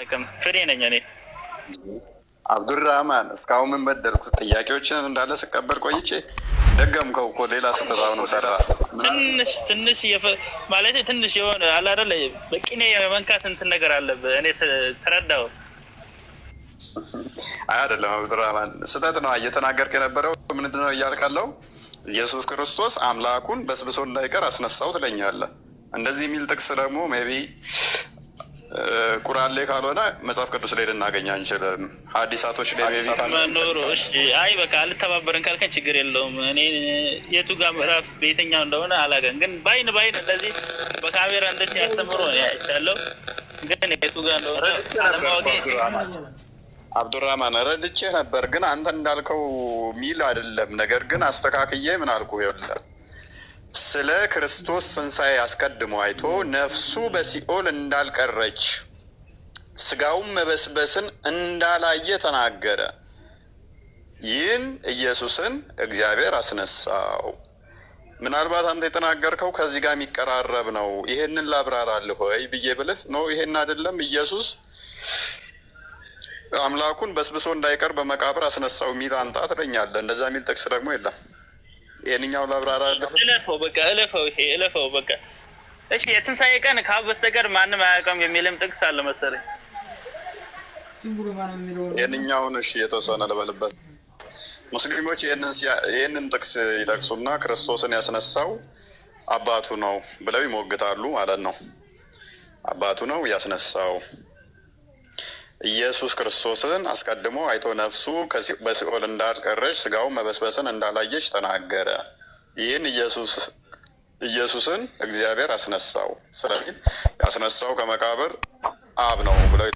ነቅም ፍሬ ነኝ እኔ። አብዱራህማን እስካሁን ምን በደልኩት? ጥያቄዎችን እንዳለ ስቀበል ቆይቼ ደገምከው እኮ ሌላ ስህተት ነው ሰራ ትንሽ ትንሽ ማለት ትንሽ የሆነ አለ አይደለ በቂኔ የመንካት እንትን ነገር አለብህ። እኔ ተረዳው አይ አይደለም አብዱራህማን፣ ስህተት ነው እየተናገርክ የነበረው ምንድን ነው እያልካለው? ኢየሱስ ክርስቶስ አምላኩን በስብሶ እንዳይቀር አስነሳው ትለኛለህ። እንደዚህ የሚል ጥቅስ ደግሞ ሜይ ቢ ቁርአን ላይ ካልሆነ መጽሐፍ ቅዱስ ላይ ልናገኝ አንችልም። ሐዲሳቶች ላይ አይ በቃ አልተባበረን ካልከን ችግር የለውም። እኔ የቱ ጋር ምዕራፍ በየትኛው እንደሆነ አላገን፣ ግን ባይን ባይን እንደዚህ በካሜራ እንደ ያስተምሮ ያቻለው ግን የቱ ጋር እንደሆነ አብዱራማን ረድቼ ነበር፣ ግን አንተ እንዳልከው ሚል አይደለም። ነገር ግን አስተካክዬ ምን አልኩ ይላል ስለ ክርስቶስ ትንሣኤ አስቀድሞ አይቶ ነፍሱ በሲኦል እንዳልቀረች ስጋውም መበስበስን እንዳላየ ተናገረ። ይህን ኢየሱስን እግዚአብሔር አስነሳው። ምናልባት አንተ የተናገርከው ከዚህ ጋር የሚቀራረብ ነው፣ ይሄንን ላብራራልህ ወይ ብዬ ብልህ ነው። ይሄን አይደለም ኢየሱስ አምላኩን በስብሶ እንዳይቀር በመቃብር አስነሳው የሚል አንጣ ትለኛለህ። እንደዛ የሚል ጥቅስ ደግሞ የለም። የእኛው ላብራራ እለፈው በቃ እለፈው ይሄ እለፈው በቃ እሺ። የትንሣኤ ቀን ከአብ በስተቀር ማንም አያውቀውም የሚልም ጥቅስ አለ መሰለኝ። የእኛውን እሺ የተወሰነ ልበልበት። ሙስሊሞች ይህንን ጥቅስ ይጠቅሱና ክርስቶስን ያስነሳው አባቱ ነው ብለው ይሞግታሉ ማለት ነው። አባቱ ነው ያስነሳው ኢየሱስ ክርስቶስን አስቀድሞ አይቶ ነፍሱ በሲኦል እንዳልቀረች ስጋውን መበስበስን እንዳላየች ተናገረ። ይህን ኢየሱስ ኢየሱስን እግዚአብሔር አስነሳው። ስለዚህ ያስነሳው ከመቃብር አብ ነው ብለው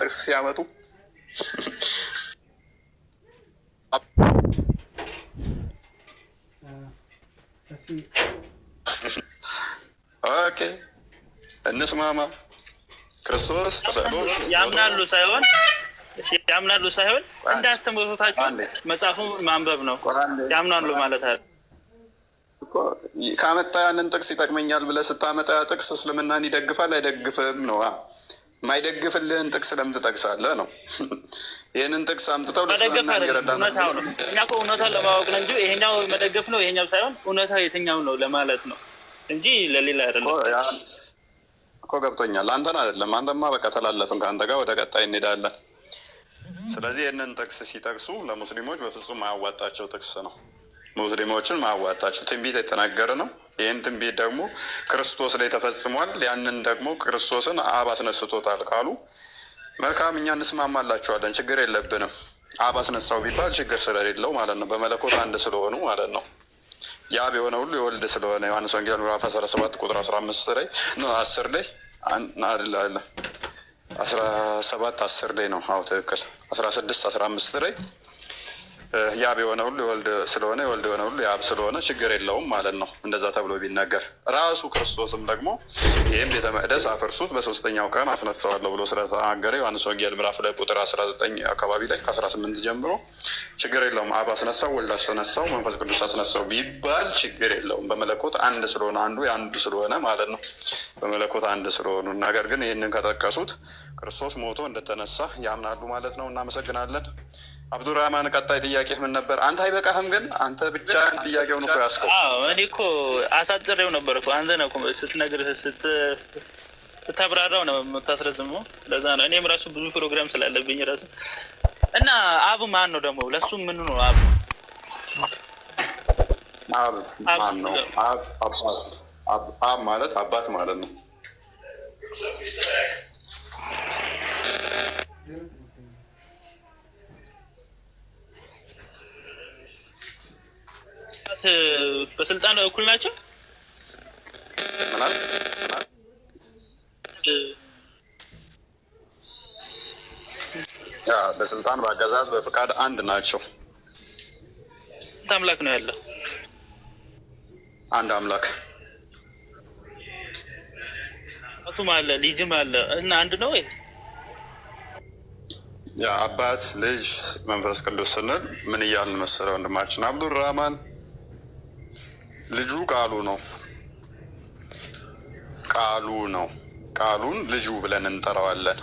ጥቅስ ሲያመጡ ኦኬ እንስማማ። ክርስቶስ ተሰቅሎ ያምናሉ ሳይሆን ያምናሉ ሳይሆን እንዳስተምሮታቸው መጽሐፉ ማንበብ ነው። ያምናሉ ማለት አለ ከአመጣ ያንን ጥቅስ ይጠቅመኛል ብለህ ስታመጣ ጥቅስ እስልምናን ይደግፋል አይደግፍም ነው የማይደግፍልህን ጥቅስ ለምን ትጠቅሳለህ? ነው ይህንን ጥቅስ አምጥተው ለስልምና ሊረዳ ነው። እኛ እኮ ለማወቅ ነው እንጂ ይሄኛው መደገፍ ነው ይሄኛው ሳይሆን እውነታ የትኛው ነው ለማለት ነው እንጂ ለሌላ አይደለም እኮ ገብቶኛል። አንተን አይደለም። አንተማ በቃ ተላለፍን ከአንተ ጋር ወደ ቀጣይ እንሄዳለን። ስለዚህ ይህንን ጥቅስ ሲጠቅሱ ለሙስሊሞች በፍጹም ማያዋጣቸው ጥቅስ ነው። ሙስሊሞችን ማያዋጣቸው ትንቢት የተናገረ ነው። ይህን ትንቢት ደግሞ ክርስቶስ ላይ ተፈጽሟል። ያንን ደግሞ ክርስቶስን አብ አስነስቶታል ካሉ መልካም፣ እኛ እንስማማላችኋለን፣ ችግር የለብንም። አብ አስነሳው ቢባል ችግር ስለሌለው ማለት ነው። በመለኮት አንድ ስለሆኑ ማለት ነው። የአብ የሆነ ሁሉ የወልድ ስለሆነ ዮሐንስ ወንጌል ምዕራፍ 17 ቁጥር 15 ላይ አስር ላይ አለ 17 አስር ላይ ነው። አዎ ትክክል 16 15 ላይ ያብ የሆነ ሁሉ የወልድ ስለሆነ የወልድ የሆነ ሁሉ የአብ ስለሆነ ችግር የለውም ማለት ነው። እንደዛ ተብሎ ቢነገር ራሱ ክርስቶስም ደግሞ ይህም ቤተ መቅደስ አፍርሱት በሶስተኛው ቀን አስነሳዋለሁ ብሎ ስለተናገረ ዮሐንስ ወንጌል ምዕራፍ ላይ ቁጥር 19 አካባቢ ላይ ከ18 ጀምሮ ችግር የለውም አብ አስነሳው፣ ወልድ አስነሳው፣ መንፈስ ቅዱስ አስነሳው ቢባል ችግር የለውም። በመለኮት አንድ ስለሆነ አንዱ የአንዱ ስለሆነ ማለት ነው። በመለኮት አንድ ስለሆኑ ነገር ግን ይህንን ከጠቀሱት ክርስቶስ ሞቶ እንደተነሳ ያምናሉ ማለት ነው። እናመሰግናለን። አብዱራህማን ቀጣይ ጥያቄ ምን ነበር? አንተ አይበቃህም? ግን አንተ ብቻ ጥያቄው ነው ያስቀው። እኔ እኮ አሳጥሬው ነበር እኮ አንተ ነው ስትነግር ስታብራራው ነው የምታስረዝመው። ለዛ ነው እኔም ራሱ ብዙ ፕሮግራም ስላለብኝ ራሱ እና አብ ማን ነው ደግሞ? ለሱ ምን ነው አብ አብ ማን ነው? አብ አባት፣ አብ አብ ማለት አባት ማለት ነው። በስልጣን እኩል ናቸው። በስልጣን በአገዛዝ በፍቃድ አንድ ናቸው። አምላክ ነው ያለው አንድ አምላክ አባቱም አለ ልጅም አለ እና አንድ ነው ወይ? ያ አባት ልጅ መንፈስ ቅዱስ ስንል ምን እያልን መሰለ ወንድማችን አብዱራህማን ልጁ ቃሉ ነው። ቃሉ ነው። ቃሉን ልጁ ብለን እንጠራዋለን።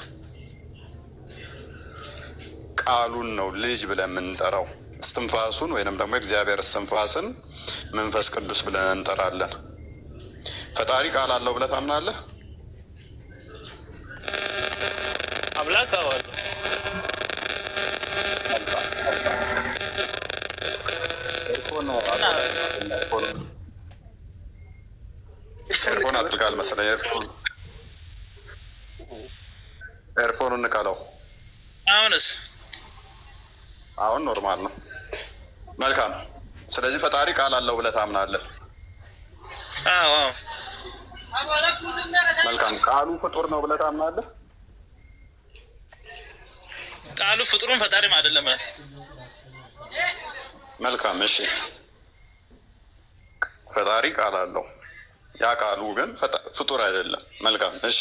ቃሉን ነው ልጅ ብለን የምንጠራው። እስትንፋሱን ወይንም ደግሞ እግዚአብሔር እስትንፋስን መንፈስ ቅዱስ ብለን እንጠራለን። ፈጣሪ ቃል አለው ብለህ ታምናለህ? አምላክ ኤርፎን አድርጋል መሰለኝ። ኤርፎን ኤርፎኑ እንቀለው። አሁንስ አሁን ኖርማል ነው። መልካም። ስለዚህ ፈጣሪ ቃል አለው ብለህ ታምናለህ። መልካም። ቃሉ ፍጡር ነው ብለህ ታምናለህ። ቃሉ ፍጡሩን ፈጣሪም አይደለም። መልካም። እሺ ፈጣሪ ቃል አለው። ያ ቃሉ ግን ፍጡር አይደለም። መልካም እሺ፣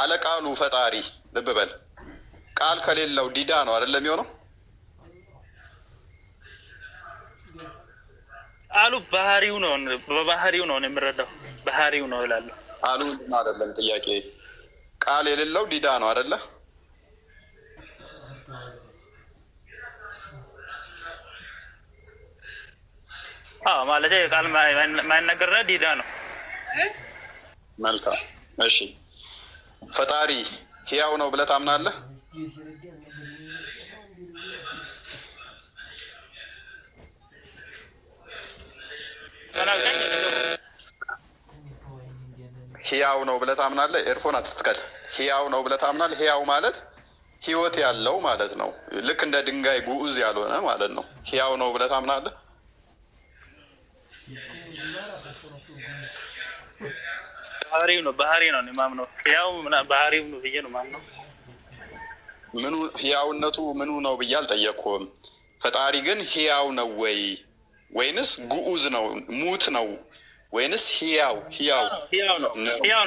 አለ ቃሉ ፈጣሪ። ልብ በል ቃል ከሌለው ዲዳ ነው አይደለም የሚሆነው። አሉ ባህሪው ነው በባህሪው ነው የምረዳው ባህሪው ነው እላለሁ። አሉ አይደለም ጥያቄ ቃል የሌለው ዲዳ ነው አይደለም ማለት ቃል ማይናገር ዲዳ ነው። መልካም እሺ። ፈጣሪ ህያው ነው ብለህ ታምናለህ? ህያው ነው ብለህ ታምናለህ? ኤርፎን አትትከል። ህያው ነው ብለህ ታምናለህ? ህያው ማለት ህይወት ያለው ማለት ነው። ልክ እንደ ድንጋይ ጉዑዝ ያልሆነ ማለት ነው። ህያው ነው ብለህ ታምናለህ? ባህሪው ነው ባህሪ ነው ማምነው ያው ባህሪው ነው ብዬ ነው ማምነው። ምኑ ህያውነቱ ምኑ ነው ብዬ አልጠየቅኩም። ፈጣሪ ግን ህያው ነው ወይ ወይንስ ግዑዝ ነው ሙት ነው ወይንስ ህያው ህያው ህያው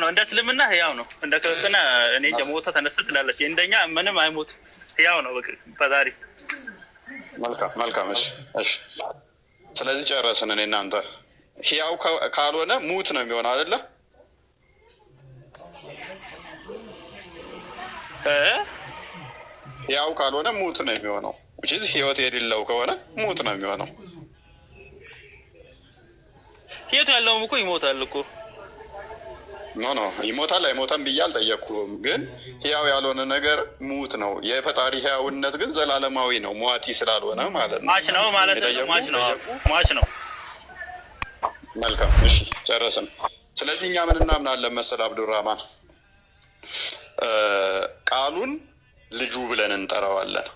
ነው። እንደ እስልምና ህያው ነው። እንደ ክርስትና እኔ ጀሞታ ተነሳ ትላለች። እንደኛ ምንም አይሞት ህያው ነው ፈጣሪ። መልካም መልካም። እሺ እሺ። ስለዚህ ጨረስን እኔ እናንተ ህያው ካልሆነ ሙት ነው የሚሆን አይደለ? ህያው ካልሆነ ሙት ነው የሚሆነው። ህይወት የሌለው ከሆነ ሙት ነው የሚሆነው። ህይወት ያለውም እኮ ይሞታል እኮ ኖ ኖ ይሞታል አይሞታም ብዬ አልጠየቅኩም። ግን ህያው ያልሆነ ነገር ሙት ነው። የፈጣሪ ህያውነት ግን ዘላለማዊ ነው፣ ሟቲ ስላልሆነ ማለት ነው። ሟች ነው ማለት ነው። ሟች ነው መልካም እሺ፣ ጨረስን። ስለዚህ እኛ ምን እናምናለን መሰል አብዱራማን ቃሉን ልጁ ብለን እንጠራዋለን።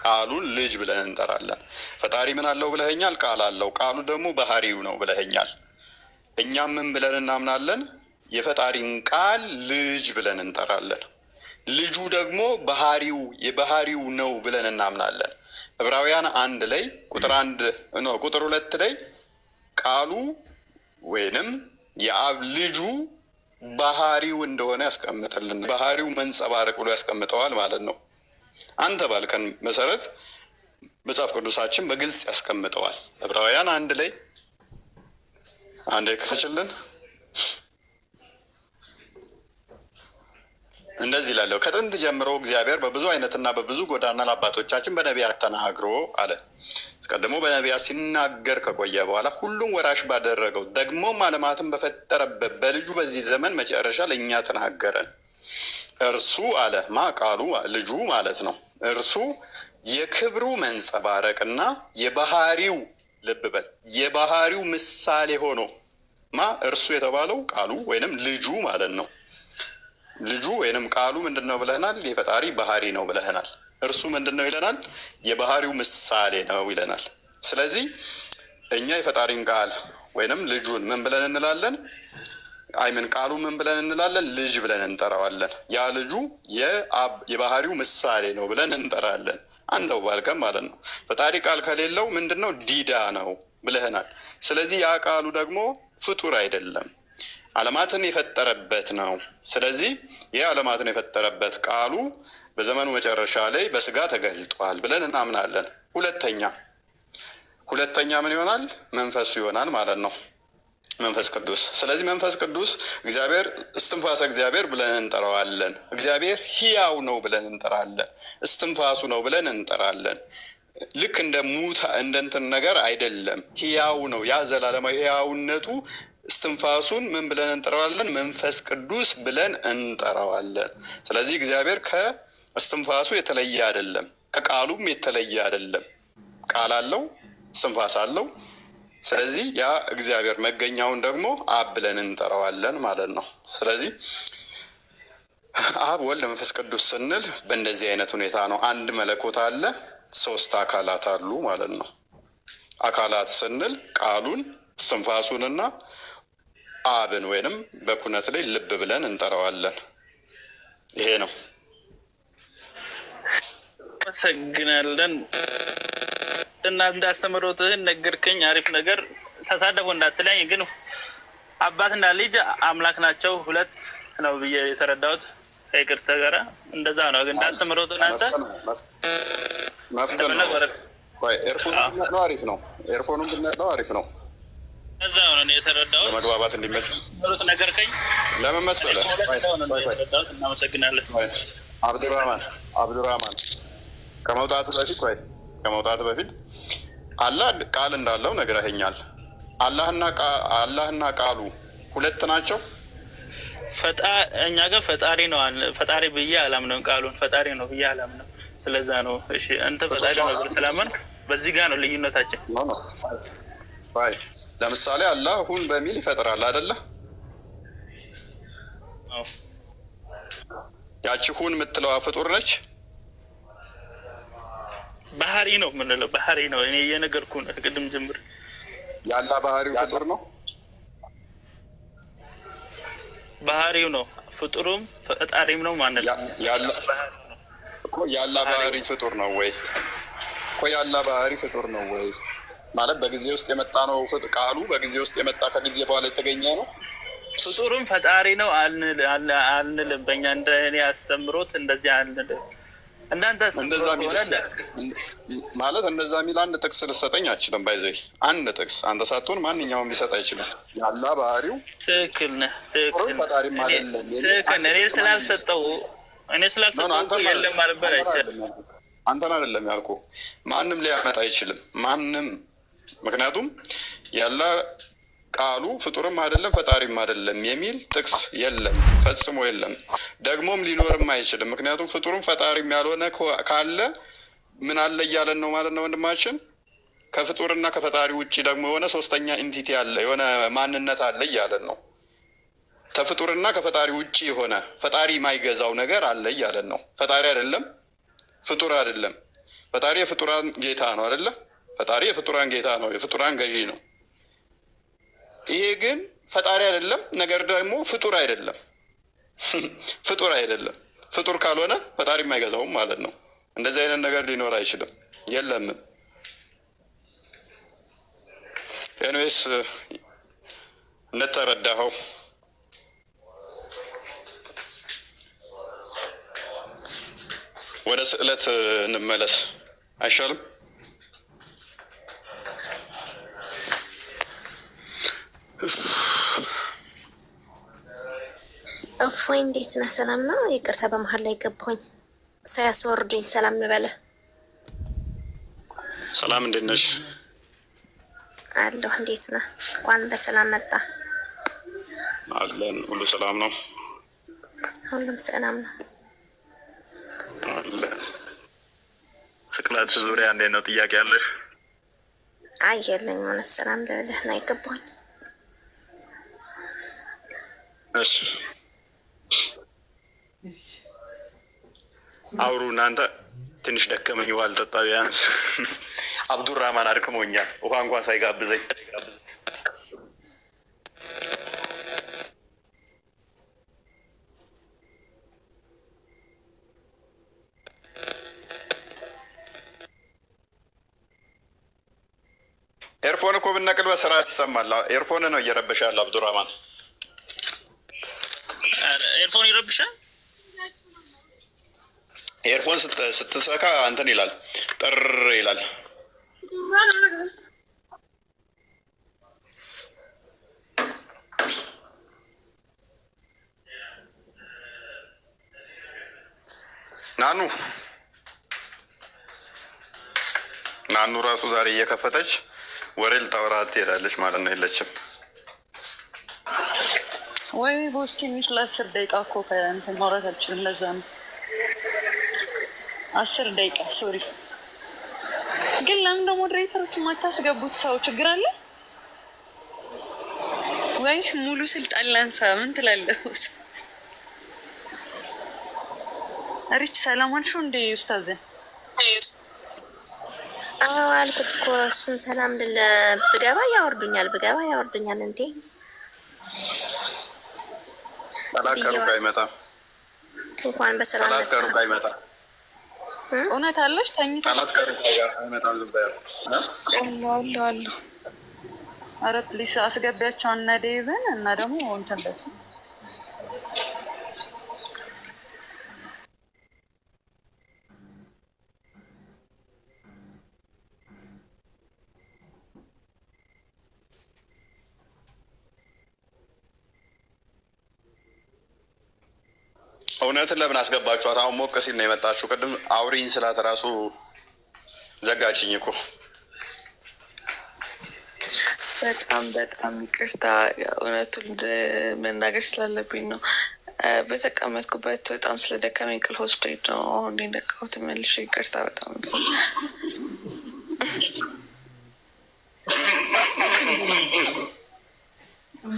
ቃሉን ልጅ ብለን እንጠራለን። ፈጣሪ ምን አለው ብለኸኛል? ቃል አለው። ቃሉ ደግሞ ባህሪው ነው ብለኸኛል። እኛም ምን ብለን እናምናለን? የፈጣሪን ቃል ልጅ ብለን እንጠራለን። ልጁ ደግሞ ባህሪው የባህሪው ነው ብለን እናምናለን። ዕብራውያን አንድ ላይ ቁጥር አንድ ነው ቁጥር ሁለት ላይ ቃሉ ወይንም የአብ ልጁ ባህሪው እንደሆነ ያስቀምጠልን። ባህሪው መንጸባረቅ ብሎ ያስቀምጠዋል ማለት ነው። አንተ ባልከን መሰረት መጽሐፍ ቅዱሳችን በግልጽ ያስቀምጠዋል። ዕብራውያን አንድ ላይ አንድ ክፍችልን እንደዚህ ይላለው ከጥንት ጀምሮ እግዚአብሔር በብዙ አይነትና በብዙ ጎዳና ለአባቶቻችን በነቢያት ተናግሮ አለ አስቀድሞ በነቢያ ሲናገር ከቆየ በኋላ ሁሉም ወራሽ ባደረገው ደግሞም ዓለማትን በፈጠረበት በልጁ በዚህ ዘመን መጨረሻ ለእኛ ተናገረን። እርሱ አለ ማ ቃሉ ልጁ ማለት ነው። እርሱ የክብሩ መንጸባረቅና የባህሪው ልብ በል የባህሪው ምሳሌ ሆኖ ማ እርሱ የተባለው ቃሉ ወይንም ልጁ ማለት ነው። ልጁ ወይንም ቃሉ ምንድን ነው ብለህናል? የፈጣሪ ባህሪ ነው ብለህናል። እርሱ ምንድን ነው ይለናል? የባህሪው ምሳሌ ነው ይለናል። ስለዚህ እኛ የፈጣሪን ቃል ወይንም ልጁን ምን ብለን እንላለን? አይምን ቃሉ ምን ብለን እንላለን? ልጅ ብለን እንጠራዋለን። ያ ልጁ የባህሪው ምሳሌ ነው ብለን እንጠራለን። አንደው ባልከም ማለት ነው። ፈጣሪ ቃል ከሌለው ምንድን ነው? ዲዳ ነው ብለህናል። ስለዚህ ያ ቃሉ ደግሞ ፍጡር አይደለም። ዓለማትን የፈጠረበት ነው። ስለዚህ ይህ ዓለማትን የፈጠረበት ቃሉ በዘመኑ መጨረሻ ላይ በስጋ ተገልጧል ብለን እናምናለን። ሁለተኛ ሁለተኛ ምን ይሆናል? መንፈሱ ይሆናል ማለት ነው። መንፈስ ቅዱስ። ስለዚህ መንፈስ ቅዱስ እግዚአብሔር እስትንፋሰ እግዚአብሔር ብለን እንጠራዋለን። እግዚአብሔር ሕያው ነው ብለን እንጠራለን። እስትንፋሱ ነው ብለን እንጠራለን። ልክ እንደ ሙት እንደ እንትን ነገር አይደለም። ሕያው ነው። ያ ዘላለማዊ ሕያውነቱ እስትንፋሱን ምን ብለን እንጠራዋለን? መንፈስ ቅዱስ ብለን እንጠራዋለን። ስለዚህ እግዚአብሔር ከእስትንፋሱ የተለየ አይደለም፣ ከቃሉም የተለየ አይደለም። ቃል አለው፣ እስትንፋስ አለው። ስለዚህ ያ እግዚአብሔር መገኛውን ደግሞ አብ ብለን እንጠራዋለን ማለት ነው። ስለዚህ አብ ወልድ መንፈስ ቅዱስ ስንል በእንደዚህ አይነት ሁኔታ ነው። አንድ መለኮት አለ፣ ሶስት አካላት አሉ ማለት ነው። አካላት ስንል ቃሉን እስትንፋሱንና አብን ወይንም በኩነት ላይ ልብ ብለን እንጠራዋለን። ይሄ ነው። አመሰግናለን እና እንዳስተምሮትህን ነገርከኝ። አሪፍ ነገር ተሳደቡ እንዳትለኝ ግን አባትና ልጅ አምላክ ናቸው። ሁለት ነው ብዬ የተረዳሁት ከይቅርታ ጋራ እንደዛ ነው። ግን እንዳስተምሮት ናንተ መፍቀር ነው። ኤርፎኑን አሪፍ ነው። ኤርፎኑ ብትነቅለው አሪፍ ነው። እዛ ነው የተረዳሁት። ለመግባባት እንዲመች ነገር ከኝ ለምን መሰለህ? እናመሰግናለን። አብዱራህማን አብዱራህማን ከመውጣቱ በፊት ወይ ከመውጣት በፊት አላህ ቃል እንዳለው ነግረኸኛል። አላህና ቃሉ ሁለት ናቸው። እኛ ግን ፈጣሪ ነው ፈጣሪ ብዬ አላምነው። ቃሉን ፈጣሪ ነው ብዬ አላምነው። ስለዛ ነው። እሺ አንተ ፈጣሪ ነው ስላመን በዚህ ጋር ነው ልዩነታችን። ይ ለምሳሌ አላህ ሁን በሚል ይፈጥራል አይደለ? ያቺ ሁን የምትለዋ ፍጡር ነች። ባህሪ ነው የምንለው ባህሪ ነው። እኔ የነገርኩህ ነው ቅድም ጀምር። ያላ ባህሪው ፍጡር ነው። ባህሪው ነው ፍጡሩም ፈጣሪም ነው ማለት ነው። ያላ ባህሪ ፍጡር ነው ወይ? ያላ ባህሪ ፍጡር ነው ወይ? ማለት በጊዜ ውስጥ የመጣ ነው። ቃሉ በጊዜ ውስጥ የመጣ ከጊዜ በኋላ የተገኘ ነው። ፍጡርም ፈጣሪ ነው አንልም። በእኛ እንደ እኔ አስተምሮት እንደዚህ አንልም። እናንተ ማለት እንደዛ የሚል አንድ ጥቅስ ልሰጠኝ አችልም። ባይዘ አንድ ጥቅስ አንተ ሳትሆን ማንኛውም ሊሰጥ አይችልም። ያላ ባህሪው ትክክል ነህ። ትክክል ፈጣሪም አይደለም። እኔ ስላልሰጠው እኔ ስላልሰጠው የለም አልበር አይችልም። አንተን አይደለም ያልኩህ። ማንም ሊያመጣ አይችልም። ማንም ምክንያቱም ያለ ቃሉ ፍጡርም አይደለም ፈጣሪም አይደለም የሚል ጥቅስ የለም፣ ፈጽሞ የለም። ደግሞም ሊኖርም አይችልም። ምክንያቱም ፍጡርም ፈጣሪም ያልሆነ ካለ ምን አለ እያለን ነው ማለት ነው ወንድማችን። ከፍጡርና ከፈጣሪ ውጭ ደግሞ የሆነ ሶስተኛ ኢንቲቲ አለ፣ የሆነ ማንነት አለ እያለን ነው። ከፍጡርና ከፈጣሪ ውጭ የሆነ ፈጣሪ የማይገዛው ነገር አለ እያለን ነው። ፈጣሪ አይደለም፣ ፍጡር አይደለም። ፈጣሪ የፍጡራን ጌታ ነው አይደለም ፈጣሪ የፍጡራን ጌታ ነው፣ የፍጡራን ገዢ ነው። ይሄ ግን ፈጣሪ አይደለም፣ ነገር ደግሞ ፍጡር አይደለም። ፍጡር አይደለም። ፍጡር ካልሆነ ፈጣሪ የማይገዛውም ማለት ነው። እንደዚህ አይነት ነገር ሊኖር አይችልም፣ የለምም። ኤንዌስ እንደተረዳኸው ወደ ስዕለት እንመለስ አይሻልም? እፎይ እንዴት ነህ? ሰላም ነው። ይቅርታ በመሀል ላይ ገባሁኝ። ሳያስወርዱኝ ሰላም ንበለ። ሰላም እንዴት ነሽ? አለሁ። እንዴት ነህ? እንኳን በሰላም መጣ። አለን። ሁሉ ሰላም ነው። ሁሉም ሰላም ነው። ስቅላት ዙሪያ እንዴት ነው? ጥያቄ አለሽ? አይ የለኝም። እውነት ሰላም ልበልህ ነው የገባሁኝ። እሺ አውሩ እናንተ። ትንሽ ደከመኝ፣ ውሃ ልጠጣ ቢያንስ። አብዱራማን አድክሞኛል፣ ውሃ እንኳ ሳይጋብዘኝ ኤርፎን እኮ ብነቅል በስርዓት ይሰማል። ኤርፎን ነው እየረበሻል አብዱራማን። ኤርፎን ይረብሻል። ኤርፎን ስትሰካ አንተን ይላል ጥር ይላል። ናኑ ናኑ ራሱ ዛሬ እየከፈተች ወሬ ልታወራት ትሄዳለች ማለት ነው። የለችም ወይ ሆስቲ ትንሽ ለአስር ደቂቃ እኮ ከእንትን ማውራት አልችልም። ለዛ ነው አስር ደቂቃ ሶሪ። ግን ለምን ደግሞ ሞዴሬተሮች የማታስገቡት ሰው ችግር አለ ወይስ ሙሉ ስልጣን ላንሳ? ምን ትላለህ? ሪች ሰላም አልሹ እንደ ኡስታዝ አልኩት እኮ እሱን። ሰላም ልለ ብገባ ያወርዱኛል፣ ብገባ ያወርዱኛል። እንዴ ሰላት ከሩቅ አይመጣም እንኳን በሰላም እውነት አለሽ ተኝተላት አረ ፕሊስ አስገቢያቸውን እና ዴቭን እና ደግሞ እንትን እንትን ለምን አስገባችኋት? አሁን ሞቅ ሲል ነው የመጣችሁ። ቅድም አውሪኝ ስላት ራሱ ዘጋችኝ እኮ። በጣም በጣም ይቅርታ፣ እውነቱን መናገር ስላለብኝ ነው። በተቀመጥኩበት በጣም ስለደከመኝ እንቅልፍ ወስዶኝ ነው አሁን የነቃሁት። መልሼ ይቅርታ በጣም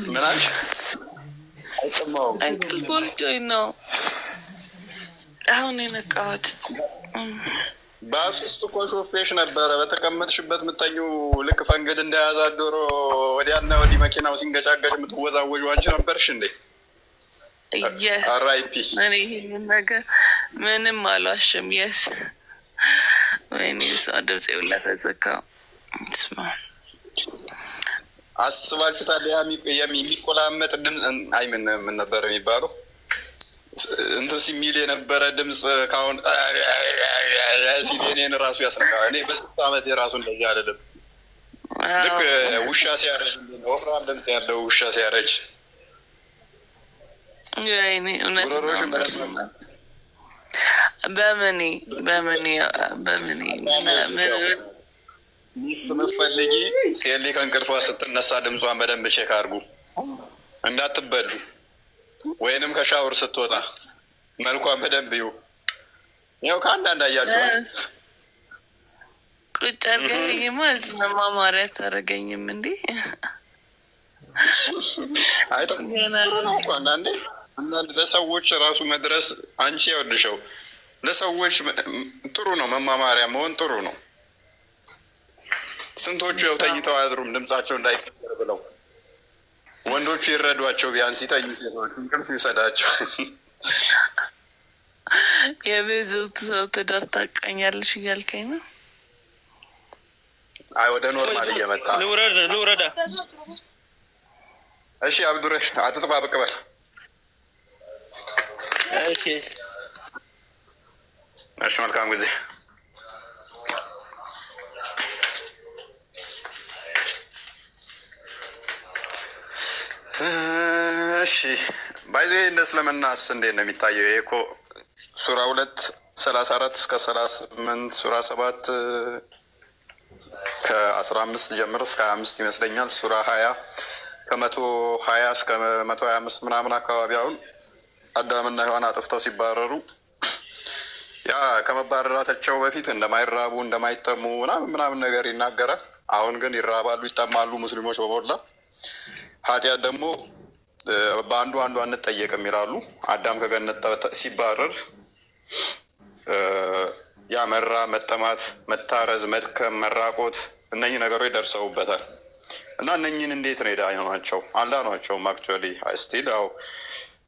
ምናምን እንቅልፍ ወስዶኝ ነው። አሁን የነቃሁት ውስጥ እኮ ሾፌሽ ነበረ። በተቀመጥሽበት የምታኙ ልክ ፈንገድ እንደያዛት ዶሮ ወዲያና ወዲህ መኪናው ሲንገጫገጭ የምትወዛወዥ አንቺ ነበርሽ እንዴ? አራይፒ ይህንን ነገር ምንም አሏሽም። የስ ወይኔ ሰው ድምጽ ብላ ተዘጋው። ስማ አስባችሁ ታዲያ የሚቆላመጥ ድምፅ አይ ምን ነበር የሚባለው? እንትን ሲሚል የነበረ ድምፅ ካሁን ሲሴኔን ራሱ ያስነካል። እኔ በስት ዓመት የራሱ እንደዚህ አይደለም። ልክ ውሻ ሲያረጅ ወፍራም ድምፅ ያለው ውሻ ሲያረጅ በምኔ በምኔ በምኔ ሚስት ምትፈልጊ ሴሊ ከእንቅልፏ ስትነሳ ድምጿን በደንብ ቼክ አድርጉ እንዳትበሉ። ወይንም ከሻወር ስትወጣ መልኳን በደንብ ይሁ ያው ከአንዳንድ አያችሁ ቁጭ አድርገኝማ እዚህ መማማሪያ አታደርገኝም እንዴ? አንዳንዴ ለሰዎች ራሱ መድረስ አንቺ ያወድሸው ለሰዎች ጥሩ ነው፣ መማማሪያ መሆን ጥሩ ነው። ስንቶቹ ያው ተኝተው አያድሩም ድምጻቸው እንዳይቀር ብለው ወንዶቹ ይረዷቸው፣ ቢያንስ ይጠይቅ፣ እንቅልፍ ይውሰዳቸው። የብዙ ሰው ትዳር ታቃኛለሽ እያልከኝ ነው። አይ ወደ ኖርማል እየመጣ ልውረዳ። እሺ አብዱረ አትጥፋ ብቅበል እሺ፣ መልካም ጊዜ እሺ ባይዞ እነስ ለመናስ እንዴት ነው የሚታየው? ይሄ እኮ ሱራ ሁለት ሰላሳ አራት እስከ ሰላሳ ስምንት ሱራ ሰባት ከአስራ አምስት ጀምሮ እስከ ሀያ አምስት ይመስለኛል። ሱራ ሀያ ከመቶ ሀያ እስከ መቶ ሀያ አምስት ምናምን አካባቢ አሁን አዳምና ሔዋን አጥፍተው ሲባረሩ ያ ከመባረራታቸው በፊት እንደማይራቡ እንደማይጠሙ ምናምን ምናምን ነገር ይናገራል። አሁን ግን ይራባሉ፣ ይጠማሉ ሙስሊሞች በሞላ ኃጢአት ደግሞ በአንዱ አንዱ አንጠየቅም ይላሉ። አዳም ከገነት ሲባረር ያመራ መጠማት፣ መታረዝ፣ መድከም፣ መራቆት እነኚህ ነገሮች ደርሰውበታል እና እነኚህን እንዴት ነው የዳኘው ናቸው አልዳኗቸውም። አክቹዋሊ ስቲል ያው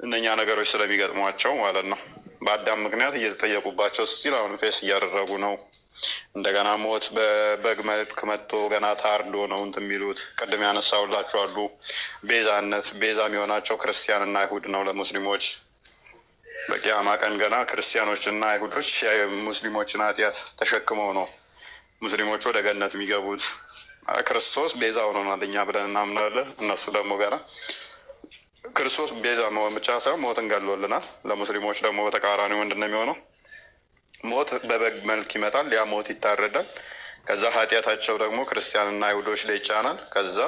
እነኛ ነገሮች ስለሚገጥሟቸው ማለት ነው በአዳም ምክንያት እየተጠየቁባቸው ስቲል አሁን ፌስ እያደረጉ ነው እንደገና ሞት በበግ መልክ መጥቶ ገና ታርዶ ነው እንትን የሚሉት ቅድም ያነሳሁላችሁ አሉ። ቤዛነት ቤዛ የሚሆናቸው ክርስቲያንና አይሁድ ነው ለሙስሊሞች በቂያማ ቀን ገና ክርስቲያኖችና አይሁዶች ሙስሊሞችን ኃጢአት ተሸክመው ነው ሙስሊሞች ወደ ገነት የሚገቡት። ክርስቶስ ቤዛ ሆኖናል እኛ ብለን እናምናለን። እነሱ ደግሞ ገና ክርስቶስ ቤዛ መሆን ብቻ ሳይሆን ሞትን ገሎልናል። ለሙስሊሞች ደግሞ በተቃራኒ ምንድን ነው የሚሆነው? ሞት በበግ መልክ ይመጣል። ያ ሞት ይታረዳል። ከዛ ኃጢአታቸው ደግሞ ክርስቲያንና አይሁዶች ላይ ይጫናል። ከዛ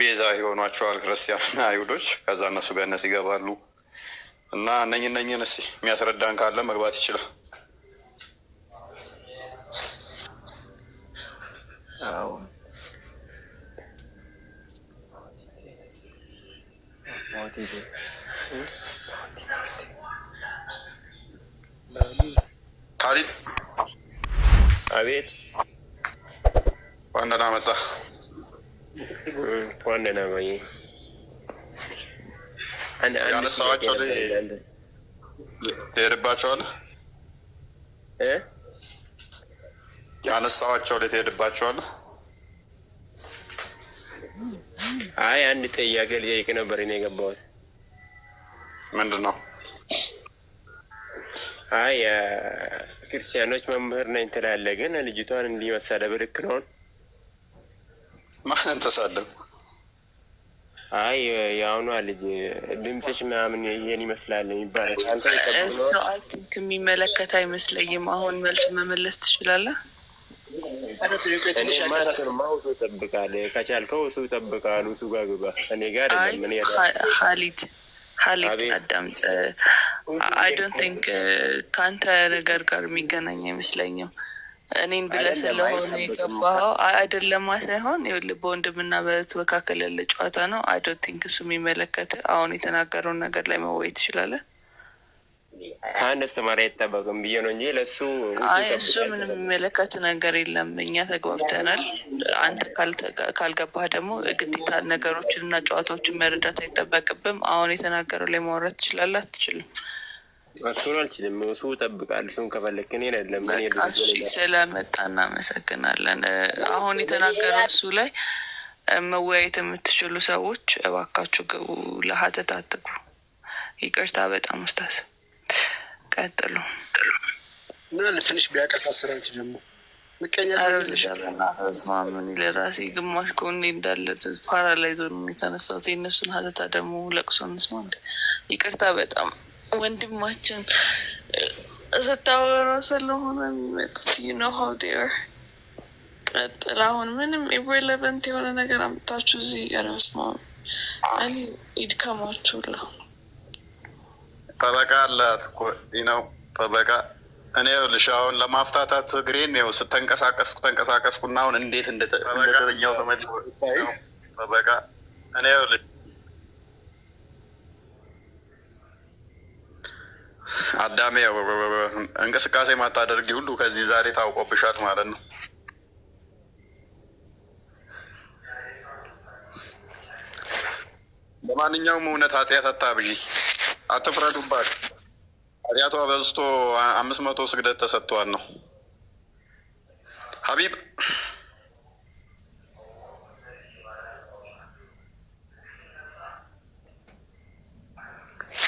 ቤዛ ይሆኗቸዋል ክርስቲያንና አይሁዶች። ከዛ እነሱ ገነት ይገባሉ። እና እነኝ እነኝን እስኪ የሚያስረዳን ካለ መግባት ይችላል። አዎ ታሪክ አቤት። ዋንደና መጣ ዋንደና ማየ ያነሳዋቸው ትሄድባቸዋለህ? ያነሳዋቸው ላይ ትሄድባቸዋለህ? አይ አንድ ጥያቄ ልጠይቅ ነበር እኔ የገባሁት። ምንድን ነው? አይ ክርስቲያኖች መምህር ነኝ ትላለህ፣ ግን ልጅቷን እንዲህ መሳደብ ልክ ነው? ማንን ተሳደብ? አይ የአሁኗ ልጅ ድምፅሽ ምናምን ይሄን ይመስላል ይባላል። የሚመለከት አይመስለኝም። አሁን መልስ መመለስ ትችላለህ። ማውሱ ጠብቃል፣ ከቻልከው እሱ ጠብቃል፣ እሱ ጋር ግባ። እኔ ጋር ምን ያ ሀሊድ ሀሊድ አዳምጥ። አይ ዶንት ቲንክ ከአንተ ነገር ጋር የሚገናኝ አይመስለኝም። እኔን ብለህ ስለሆነ የገባኸው አይደለማ ሳይሆን ይኸውልህ በወንድምና በእህት መካከል ያለ ጨዋታ ነው። አይ ዶንት ቲንክ እሱ የሚመለከት አሁን የተናገረውን ነገር ላይ መወያየት ትችላለህ። ከአንድ አስተማሪ አይጠበቅም ብዬ ነው እንጂ ለሱ እሱ ምንም የሚመለከት ነገር የለም። እኛ ተግባብተናል። አንተ ካልገባህ ደግሞ ግዴታ ነገሮችን እና ጨዋታዎችን መረዳት አይጠበቅብም። አሁን የተናገረው ላይ ማውራት ትችላለህ አትችልም? እሱን አልችልም። እሱ ጠብቃል። እሱን ከፈለክ እኔ አይደለም ስለመጣ እናመሰግናለን። አሁን የተናገረው እሱ ላይ መወያየት የምትችሉ ሰዎች እባካችሁ ግቡ። ለሀተት አትግቡ። ይቅርታ በጣም ውስታስ ቀጥሉ እና ትንሽ ቢያቀሳስራች ደግሞ ምቀኛ ለራሴ ግማሽ ከሆነ እንዳለ ፓራላይዞ ነው የተነሳሁት። የእነሱን ሀተታ ደግሞ ለቅሶ እንስማ። ይቅርታ በጣም ወንድማችን ስታወራ ስለሆነ የሚመጡት ዩኖሃው ዴር ቀጥል። አሁን ምንም ኢሬለቨንት የሆነ ነገር አምጥታችሁ እዚህ ረስማ እኔ ይድከማችሁ ለሁ ጠበቃ አላት ነው ጠበቃ። እኔ ይኸውልሽ አሁን ለማፍታታት እግሬን ው ስተንቀሳቀስኩ ተንቀሳቀስኩና አሁን እንዴት እንደተኛው ጠበቃ እኔ ይኸውልሽ አዳሜ እንቅስቃሴ ማታደርጊ ሁሉ ከዚህ ዛሬ ታውቆብሻል ማለት ነው። በማንኛውም እውነት ኃጢአት አታብዢ። አትፍረዱባት። ኃጢአቷ በዝቶ አምስት መቶ ስግደት ተሰጥቷል ነው ሀቢብ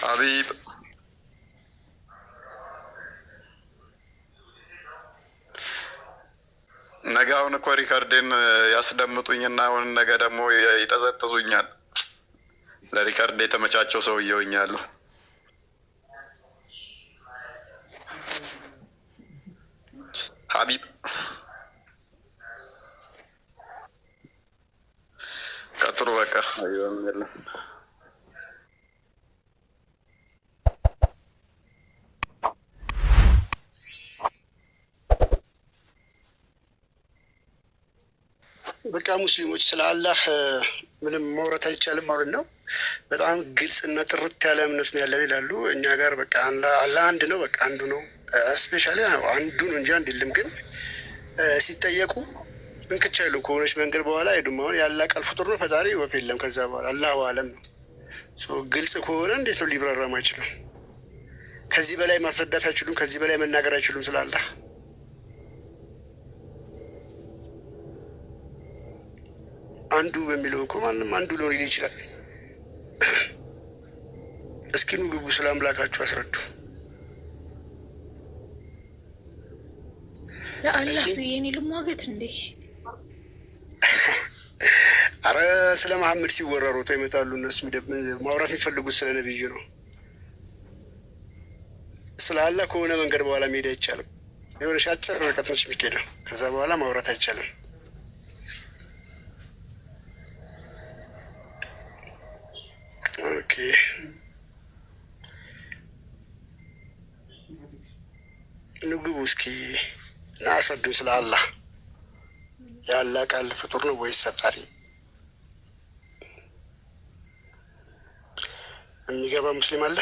ሀቢብ ነገ አሁን እኮ ያስደምጡኝ ያስደምጡኝና አሁን ነገ ደግሞ ይጠዘጥዙኛል። ለሪከርድ የተመቻቸው ሰው እየውኛለሁ። حبيب كتروك ايوه من الله በቃ ሙስሊሞች ስለ አላህ ምንም መውረት አይቻልም ማለት ነው። በጣም ግልጽና ጥርት ያለ እምነት ነው ያለን ይላሉ። እኛ ጋር በቃ ለአንድ ነው በቃ አንዱ ነው ስፔሻሊ አንዱ ነው እንጂ አንድ የለም። ግን ሲጠየቁ እንክች አይሉ ከሆነች መንገድ በኋላ አይዱም። አሁን ያለ ፍጡር ነው ፈጣሪ ወፍ የለም ከዛ በኋላ አላሁ አለም ነው። ግልጽ ከሆነ እንዴት ነው ሊብራራም አይችልም። ከዚህ በላይ ማስረዳት አይችሉም። ከዚህ በላይ መናገር አይችሉም ስላለ አንዱ በሚለው እኮ ማንም አንዱ ሊሆን ይችላል። እስኪኑ ግቡ፣ ስለ አምላካችሁ አስረዱ። ለአላህ የኔ ልሟገት እንዴ? አረ ስለ መሐመድ ሲወራ ሮጠው ይመጣሉ። እነሱ ማውራት የሚፈልጉት ስለ ነብዩ ነው። ስለ አላህ ከሆነ መንገድ በኋላ መሄድ አይቻልም። የሆነ አጭር ርቀት ነች የሚኬደው። ከዛ በኋላ ማውራት አይቻልም። ኦኬ ንግቡ እስኪ እና አስረዱ ስለ አላህ። የአላህ ቃል ፍጡር ነው ወይስ ፈጣሪ? የሚገባ ሙስሊም አለ?